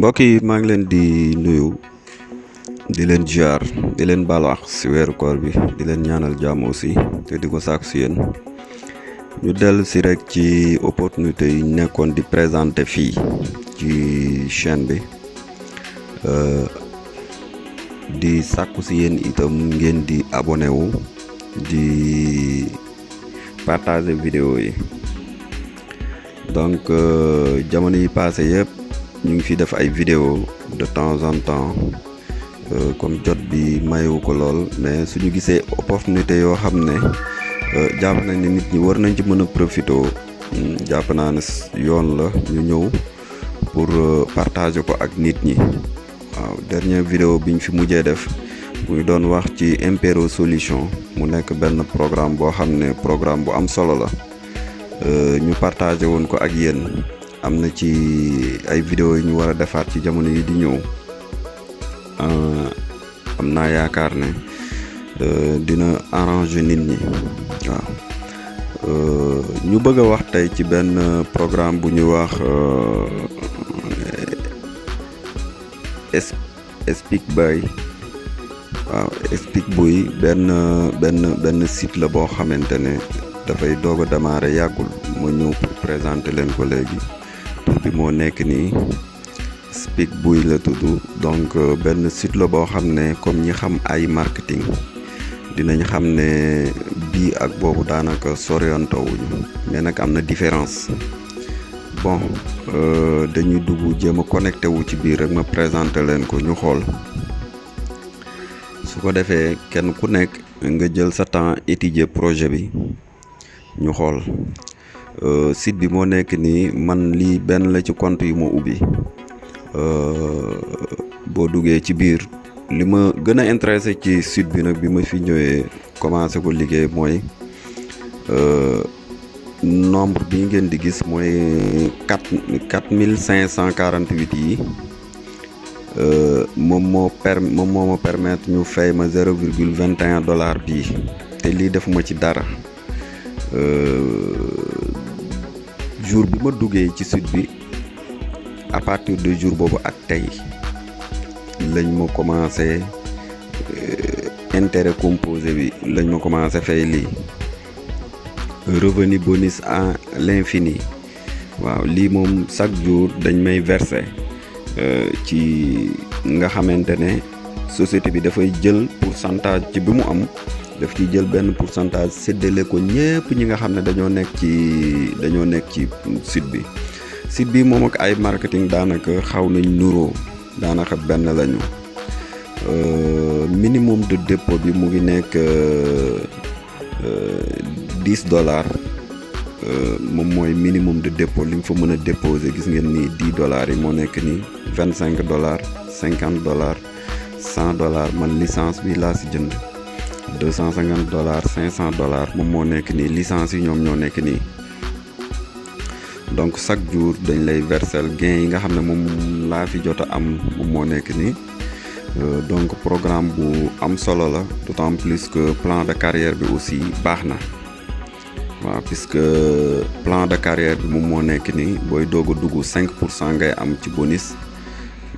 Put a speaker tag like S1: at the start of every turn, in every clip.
S1: mbokk yi maa ngi leen di nuyu di leen jaar di leen balaax si weeru koor bi di leen ñaanal jàmm aussi te di ko sàkku si yéen ñu dellu si rek ci opportunité yi nekkoon di présenté fii ci chaîne bi euh, di sàkku si yéen itam ngeen di abonné wu di partager vidéo yi donc euh, jamono yi passé yëpp ñu ngi fi def ay vidéo de temps en temps euh, comme jot bi mayewu ko lool mais suñu gisee opportunité yoo xam ne euh, jàpp nañ ne nit ñi war nañ ci mën a profité hmm, jàpp naa ne yoon la ñu ñëw pour euh, partager ko ak nit ñi waaw dernier vidéo bi ñu fi mujjee def muy doon wax ci Impero Solution mu nekk benn programme boo xam ne programme bu am solo la ñu partagé woon ko ak yéen am na ci ay vidéo yu ñu war a defaat ci jamono yi di ñëw ah, am naa yaakaar ne euh, dina arranger nit ñi waaw euh, ñu bëgg a wax tey ci benn programme bu ñuy wax euh, Speak Boy waaw Speak Boy benn benn benn site la boo xamante ne dafay doog a démarrer yàggul ma ñëw pour leen ko léegi. bi moo nekk nii Speak Buy la tudd donc euh, benn site la boo xam ne comme ñi xam ay marketing dinañ xam ne bii ak boobu daanaka soriantoo wuñu mais nag am na différence bon euh, dañuy dugg jéem a connecté wu ci biir rek ma présenté leen ko ñu xool su ko defee kenn ku nekk nga jël sa temps étudier projet bi ñu xool Euh, site bi moo nekk nii man lii benn la ci compte yi moo ubbi euh, boo duggee ci biir li ma gën a intéressé ci site bi nag bi ma fi ñëwee commencé ko liggéey mooy euh, nombre bi ngeen di gis mooy quatre mille cinq cent quarante huit yi moom moo per moom moo ma permettre ñu fay ma zéro virgule vingt et un dollar bii te lii defuma ci dara. jour bi ma duggee ci site bi à partir de jour boobu ak tey lañ ma commencé euh, intérêt composé bi lañ ma commencé fay lii revenu bonus à l'infini waaw lii moom chaque jour dañ may verser euh, ci nga xamante ne société bi dafay jël pourcentage ci bi mu am def ci jël benn pour pourcentage séddale ko ñëpp ñi nga xam ne dañoo nekk ci dañoo nekk ci site bi site bi moom ak ay marketing daanaka xaw nañ nuroo daanaka benn lañu euh, minimum de dépôt bi mu ngi nekk euh, dix dollars euh, moom mooy minimum de dépôt li nga fa mën a déposer gis ngeen nii dix dollars yi moo nekk nii vingt cinq dollars cinquante dollars cent dollars man licence bi laa si jënd. deux cent cinquante dollars cinq cent dollars moom moo nekk nii licence yi ñoom ñoo nekk nii donc chaque jour dañ lay versel gain yi nga xam ne moom laa fi jot am moom moo nekk nii euh, donc programme bu am solo la d'autant plus que plan de carrière bi aussi baax na waaw puisque plan de carrière bi moom moo nekk nii booy doog a dugg cinq pour cent ngay am ci bonus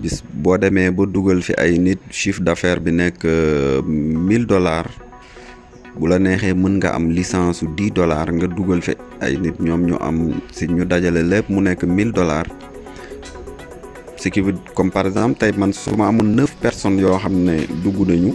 S1: bis boo demee ba dugal fi ay nit chiffre affaire bi nekk euh, mille dollars bu la neexee mën nga am licence su 10 dollars nga dugal fi ay nit ñoom ñu am si ñu dajale lépp mu nekk mille dollars ce qui veut comme par exemple tey man su ma amoon 9 personnes yoo xam ne dugg nañu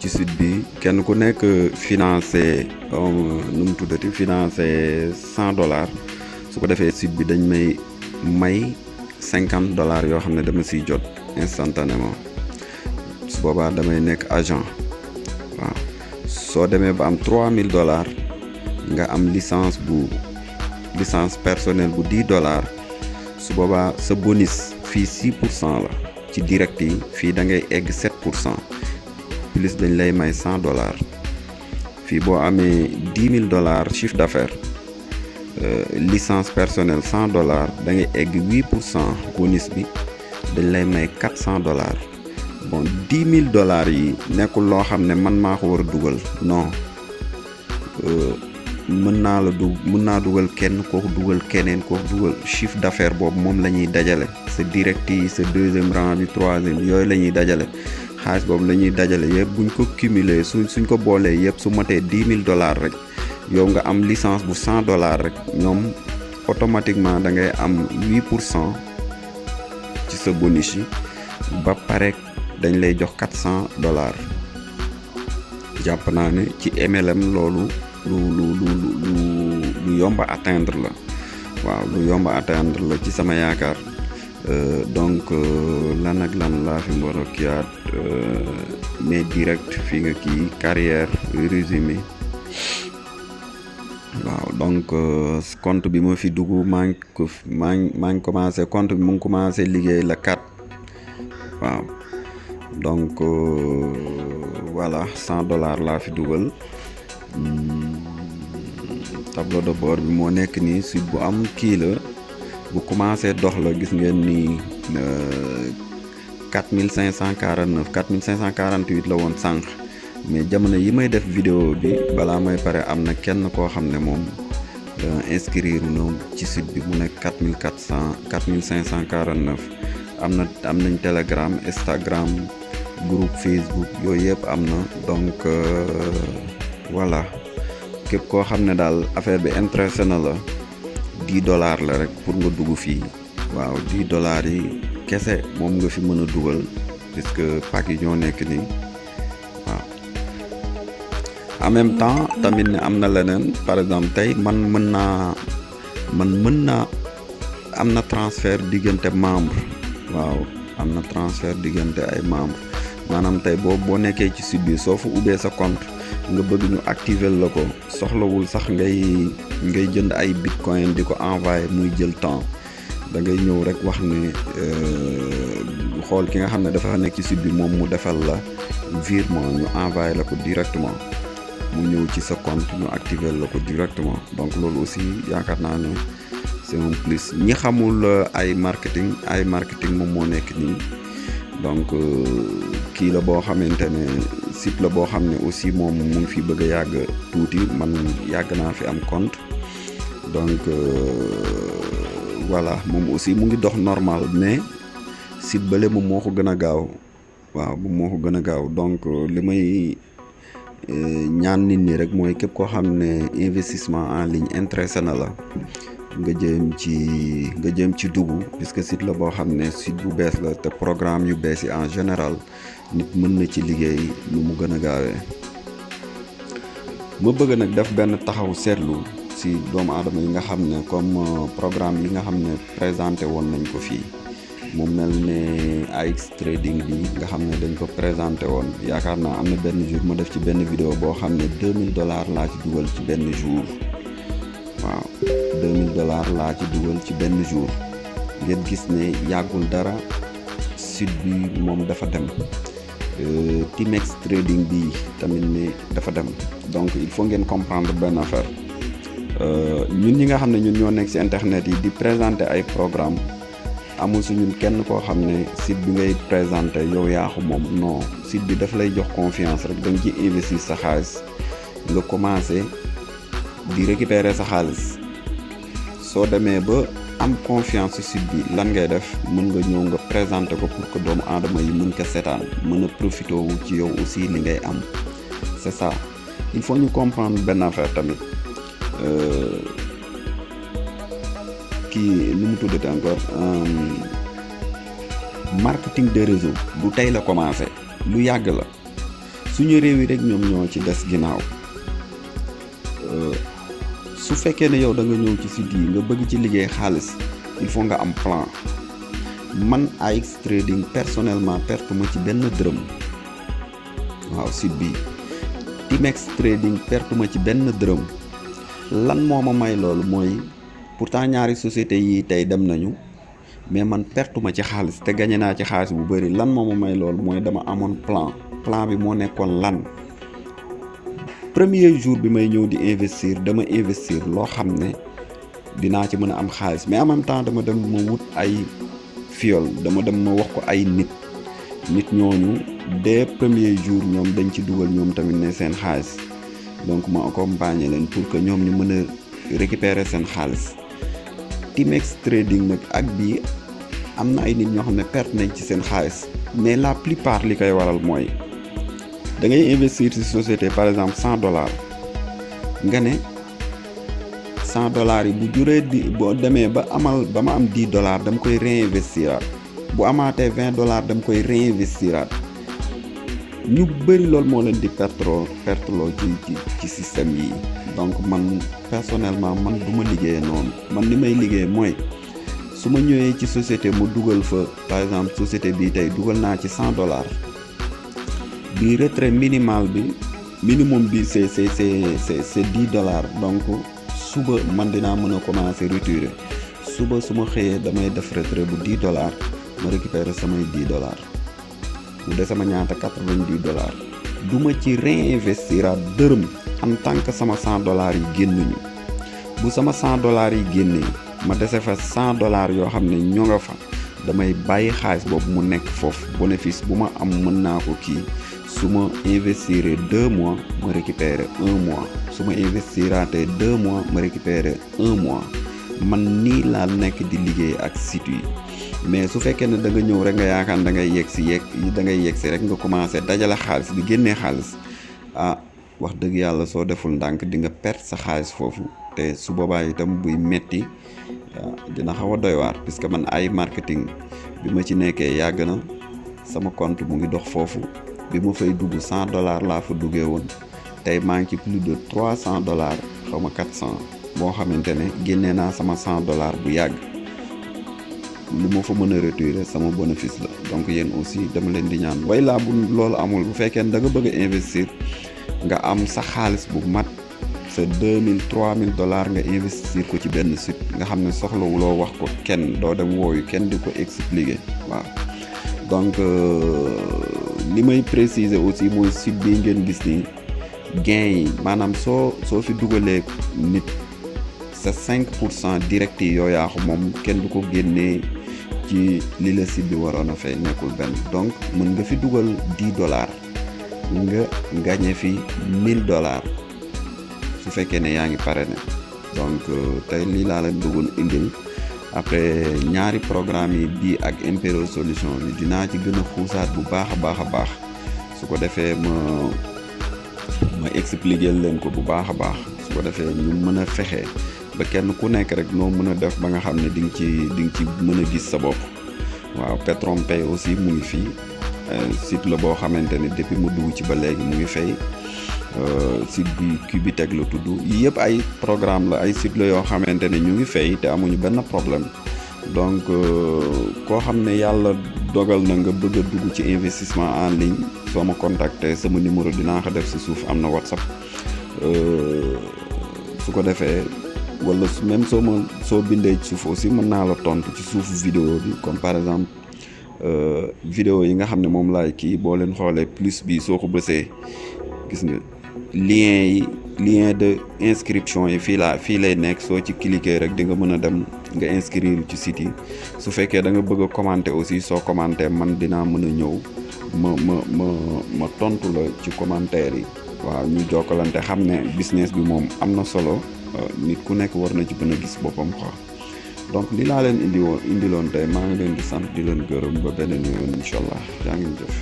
S1: ci site bi kenn ku nekk financé euh, nu mu tuddati financé 100 dollars su ko defee site bi dañ may may. cinquante dollars yoo xam ne dama siy jot instantanément su boobaa damay nekk agent waaw soo demee ba am trois mille dollars nga am licence bu licence personnel bu dix dollars su boobaa sa bonus fii six pour cent la ci direct yi fii da ngay egg sept pour cent plus dañ lay may cent dollars fii boo amee dix mille dollars chiffre affaires Euh, licence personnelle cent dollars da ngay egg huit pour cent bonus bi dañ lay may quatre cent dollars bon dix mille dollars yi nekkul loo xam ne man maa ko war a dugal non euh, mën naa la du mën naa dugal kenn kooku dugal keneen kooku dugal chiffre d'affaires boobu moom la ñuy dajale sa direct yi sa deuxième rang bi troisième yooyu la ñuy dajale xaalis boobu la ñuy dajale yëpp buñ ko cumuler suñ suñ ko boolee yëpp su matee dix mille dollars rek. yow nga am licence bu 100 dollars rek ñoom automatiquement da ngay am 8 pour cent ci sa bonus yi ba pare dañ lay jox 400 dollars jàpp naa ne ci MLM loolu lu lu lu lu lu yomb la waaw lu yomba a atteindre la ci sama yaakaar euh, donc euh, lan ak lan laa fi mbar euh, mais direct fi nga kii carrière résumé waaw donc euh, compte bi ma fi dugg maa ngi ko maa ngi maa ngi commencé compte bi mu ngi commencé liggéey la 4 waaw donc euh, voilà cent dollars laa fi dugal hmm, tableau de bord bi moo nekk nii si bu am kii la bu commencé dox la gis ngeen ni 4549 euh, 4548 la woon sànq. mais jamono yi may def vidéo bi balaa may pare am na kenn koo xam ne moom euh, inscrire noom ci site bi mu nekk quatre mille quatre cent quatre mille cinq am na am nañ telegram instagram group facebook yooyu yëpp am na donc euh, voilà képp koo xam ne daal affaire bi intéressé na la dix dollars la rek pour nga dugg fii waaw dix dollars yi kese moom nga fi mën a dugal puisque pack yi ñoo nekk nii en même temps tamit ne am na leneen par exemple tey man mën naa man mën naa am na transfert diggante membre waaw am na transfert diggante ay membre maanaam tey boo boo nekkee ci site bi soo fa ubbee sa compte nga bëgg ñu activer la ko soxlawul sax ngay ngay jënd ay bitcoin di ko envoyé muy jël temps da ngay ñëw rek wax ne euh, xool ki nga xam ne dafa nekk ci site bi moom mu defal la virement ñu envoyé la ko directement mu ñëw ci sa compte ñu activer la ko directement donc loolu aussi yaakaar naa ne c'est un plus ñi xamul euh, ay marketing ay marketing moom moo nekk nii donc euh, kii la boo xamante ne site la boo xam ne aussi moom mu ngi fi bëgg a yàgg naa fi am compte euh, voilà moom aussi mu ngi dox normal mais site bële moom moo ko gën a gaaw waaw moom moo ko gën a gaaw donc li may ñaan nit ñi rek mooy képp koo xam ne investissement en ligne intéressé na la nga jëm ci nga jëm ci dugg puisque site la boo xam ne site bu bees la te programme yu bees yi en général nit mën na ci liggéey nu mu gën a gaawee. ma bëgg nag def benn taxaw seetlu si doomu aadama yi nga xam ne comme programme bi nga xam ne présenté woon nañ ko fii. mu mel ne AX trading bi nga xam ne dañ ko présenté woon yaakaar naa am na benn jour ma def ci benn vidéo boo xam ne 2000 dollars laa ci dugal ci benn jour waaw 2000 dollars laa ci dugal ci benn jour ngeen gis ne yàggul dara sud bi moom dafa dem euh, Timex trading bi tamit ne dafa dem donc il faut ngeen comprendre benn affaire euh, ñun ñi nga xam ne ñun ñoo nekk ci internet yi di présenter ay programme amul si ñun kenn koo xam ne site bi ngay présenté yow yaaxu moom non site bi daf lay jox confiance rek da ci investir sa xaalis nga commencé di récupérer sa xaalis soo demee ba am confiance si site bi lan ngay def mën nga ñëw nga présenté ko pour que doomu aadama yi mën ko seetaan mën a profité wu ci yow aussi li ngay am c'est ça il faut ñu comprendre benn affaire tamit. Euh, kii nu mu tuddati encore euh, marketing de réseau du tey la commencé lu yàgg la suñu réew yi rek ñoom ñoo ci des ginnaaw euh, su fekkee ne yow danga ñëw ci site yi nga bëgg ci liggéey xaalis il nga am plan man AX trading personnellement perte ma ci benn dërëm waaw site bi Timex trading pertuma ci benn dërëm lan moo ma may loolu mooy. pourtant ñaari société yi tey dem nañu mais man pertuma ci xaalis te gañe naa ci xaalis bu bëri lan moo ma may loolu mooy dama amoon plan plan bi moo nekkoon lan premier jour bi may ñëw di investir dama investir loo xam ne dinaa ci mën a am xaalis mais en temps dama dem ma wut ay fiol dama dem ma wax ko ay nit nit ñooñu des premiers jours ñoom dañ ci dugal ñoom tamit ne seen xaalis donc ma accompagner leen pour que ñoom ñu mën a récupérer seen xaalis Timex Trading nag ak bii am na ay nit ñoo xam ne perte nañ ci seen xaalis mais la plus part li koy waral mooy da ngay investir ci société par exemple cent dollars nga ne cent dollars yi bu juree boo demee ba amal ba ma am dix dollars dama koy réinvestiraat bu amaatee vingt dollars dama koy réinvestiraat ñu bëri loolu moo leen di pertro perteloo ci ci système yi donc man personnellement man du ma liggéeye noonu man li may liggéey mooy su ma ñëwee ci société mu dugal fa par exemple société bii tey dugal naa ci cent dollars bi retrait minimal bi minimum bi c'est c'est c'est c'est dix dollars donc suba man dinaa mën a commencer retirer suba su ma xëyee damay def retrait bu dix dollars ma récupérer samay dix dollars mu des sama ñaata quatre-vingt-dix du ma ci réinvestiraat dërëm en tant que sama cent dollars yi génn ñu bu sama cent dollars yi génnee ma dese fa cent dollars yoo xam ne ñoo nga fa damay bàyyi xaalis boobu mu nekk foofu bénéfice bu ma am mën naa ko kii su ma investiree deux mois ma récupérer un mois su ma investiraatee deux mois ma récupérer un mois. man nii laa nekk di liggéey ak site yi mais su fekkee ne da ñëw rek nga yaakaar da ngay yegg si yegg da ngay yegg rek nga commencé dajale xaalis di génnee xaalis ah wax dëgg yàlla soo deful ndànk di nga perte sa xaalis foofu te su boobaa itam buy metti ah, dina xaw a doy waar puisque man ay marketing bi ma ci nekkee yàgg na sama compte mu ngi dox foofu bi ma fay dugg cent dollars laa fa duggee woon tey maa ngi ci plus de trois cent dollars xaw ma quatre cent boo xamante ne génnee naa sama cent dollars bu yàgg lu ma fa mën a retirer sama bénéfice la donc yéen aussi dama leen di ñaan woy laa bu loolu amul bu fekkee ne da nga bëgg a investir nga am sa xaalis bu mat sa deux mille trois mille dollars nga investir ko ci benn site nga xam ne soxlawuloo wax ko kenn doo dem wooyu kenn di ko expliquer waaw donc euh, li may préciser aussi mooy site bi ngeen gis nii gain yi maanaam soo soo fi dugalee nit sa 5 pour cent direct yi yoo yaa moom kenn du ko génnee ci li la bi waroon a fay nekkul benn donc mën nga fi dugal 10 dollars nga gagné fi 1000 dollars su fekkee ne yaa ngi pare ne donc euh, tey lii laa leen bëggoon indil après ñaari programme yi bii ak Impero solution bi dinaa ci gën a xuusaat bu baax a baax a baax su ko defee ma ma expliquer leen ko bu baax a baax su ko defee ñu mën a fexe kenn ku nekk rek noo mën a def ba nga xam ne di ci di nga ci mën a gis sa bopp waaw Petron Pay aussi mu ngi fii euh, site la boo xamante ne depuis mu dugg ci ba léegi mu ngi fay euh, site bi kii Cubitech la tudd yii yëpp ay programme la ay site la yoo xamante ne ñu ngi fay te amuñu benn problème donc euh, koo xam ne yàlla dogal na nga bëgg a dugg ci investissement en ligne soo ma contacter sama numéro dinaa ko def si suuf am na WhatsApp su ko defee wala même soo ma soo bindee ci suuf aussi mën naa la tontu ci suuf vidéo bi comme par exemple euh, vidéo yi nga xam ne moom laay kii boo leen xoolee plus bi soo ko bësee gis nga lien yi lien de inscription yi fii laa fii lay nekk soo ci cliquer rek di nga mën a dem nga inscrire ci site su fekkee da nga bëgg a commenter aussi soo commenter man dinaa mën a ñëw ma ma ma tontu la ci commentaire yi waaw ñu jokkalante xam ne business bi moom am na solo Euh, nit ku nekk war na ci mën a gis boppam quoi donc li laa leen indi woon indi loon tey maa ngi leen di sant di leen gërëm ba beneen yoon incha allah yaa ngi jëf.